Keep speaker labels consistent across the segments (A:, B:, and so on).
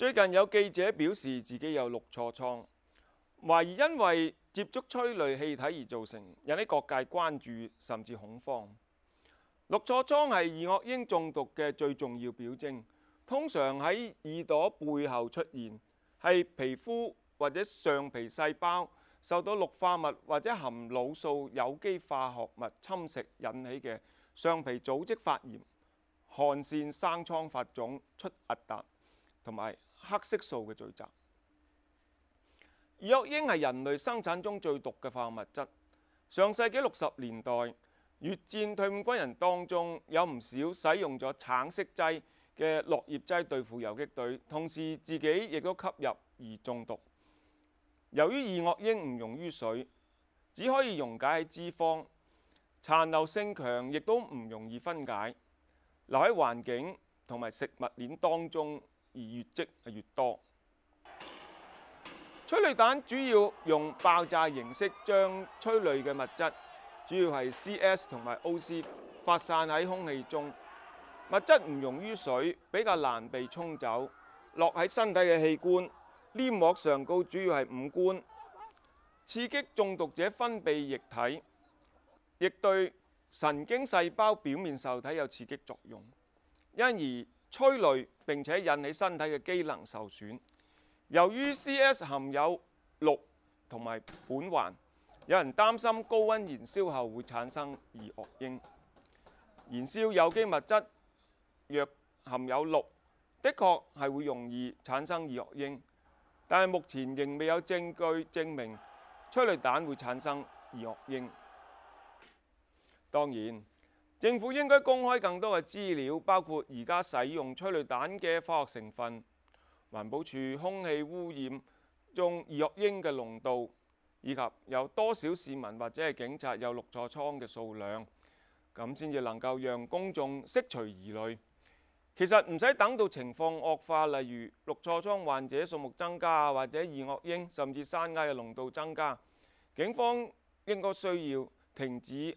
A: 最近有記者表示自己有氯痤瘡，懷疑因為接觸催淚氣體而造成，引起各界關注甚至恐慌。氯痤瘡係二噁英中毒嘅最重要表徵，通常喺耳朵背後出現，係皮膚或者上皮細胞受到氯化物或者含鹵素有機化學物侵蝕引起嘅上皮組織發炎、汗腺生瘡發腫、出壓達，同埋黑色素嘅聚集，二惡英係人類生產中最毒嘅化學物質。上世紀六十年代，越戰退伍軍人當中有唔少使用咗橙色劑嘅落葉劑對付遊擊隊，同時自己亦都吸入而中毒。由於二惡英唔溶於水，只可以溶解喺脂肪，殘留性強，亦都唔容易分解，留喺環境同埋食物鏈當中。而越積越多。催淚彈主要用爆炸形式將催淚嘅物質，主要係 CS 同埋 OC 發散喺空氣中。物質唔溶於水，比較難被沖走。落喺身體嘅器官，黏膜上高主要係五官，刺激中毒者分泌液體，亦對神經細胞表面受體有刺激作用，因而。催淚並且引起身體嘅機能受損。由於 CS 含有氯同埋苯環，有人擔心高温燃燒後會產生二惡英。燃燒有機物質若含有氯，的確係會容易產生二惡英，但係目前仍未有證據證明催淚彈會產生二惡英。當然，政府應該公開更多嘅資料，包括而家使用催淚彈嘅化學成分、環保署空氣污染中二惡英嘅濃度，以及有多少市民或者係警察有氯痤瘡嘅數量，咁先至能夠讓公眾釋除疑慮。其實唔使等到情況惡化，例如氯痤瘡患者數目增加，或者二惡英甚至山埃嘅濃度增加，警方應該需要停止。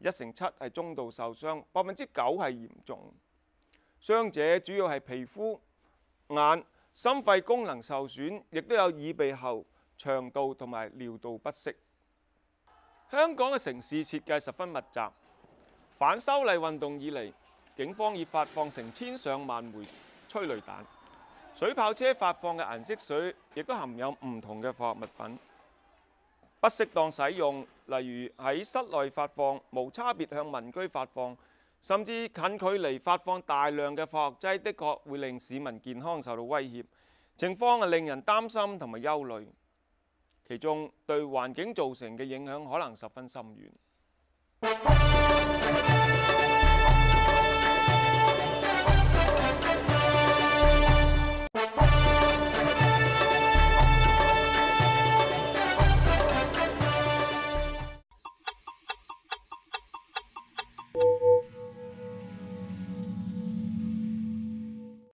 A: 一成七係中度受傷，百分之九係嚴重。傷者主要係皮膚、眼、心肺功能受損，亦都有耳鼻喉、腸道同埋尿道不適。香港嘅城市設計十分密集，反修例運動以嚟，警方已發放成千上萬枚催淚彈，水炮車發放嘅顏色水亦都含有唔同嘅化學物品，不適當使用，例如喺室內發放，無差別向民居發放，甚至近距離發放大量嘅化學劑，的確會令市民健康受到威脅，情況係令人擔心同埋憂慮，其中對環境造成嘅影響可能十分深遠。